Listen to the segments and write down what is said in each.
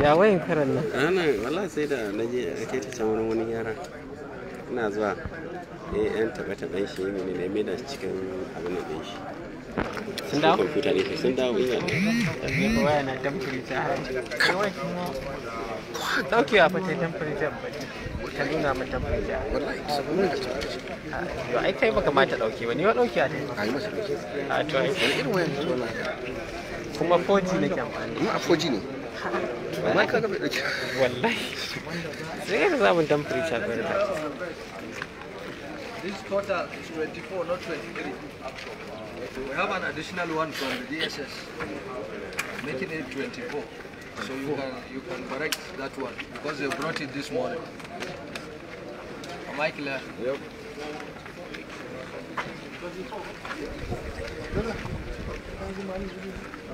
ya wayan karan nan ana ah, wala sai da na je ake ta can wani yara ina zuwa eh yan taba taban shi ne ne mai da cikin abin da din shi sun dawo computer ne sun dawo ina da waya na temperature wai kuma daukewa fa ta temperature ba ta nuna min temperature wallahi sabon da ta yo ai kai baka ma dauke ba ni wa dauke a ah, dai a to ai irin wayan na kuma 4G amfani kuma 4G ne ka wallahi sai ka temperature This quarter is 24, not 23. We have an additional one from the DSS, making it 24. So you can you can correct that one because they brought it this morning. Michael, Yep.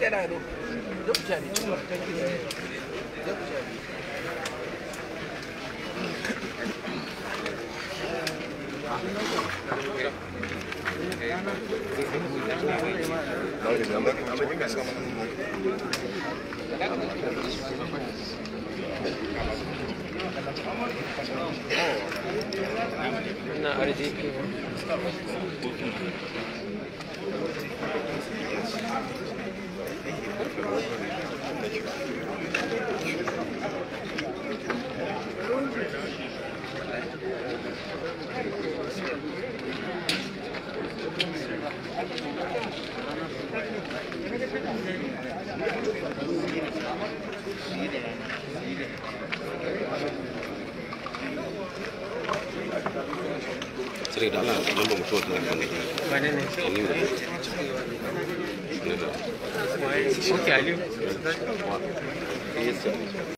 cái này luôn giúp trẻ đi giúp trẻ đi Thank you. Thank you. cái này đó là nó bồng chuột là đang nghịch thế nhưng mà Thank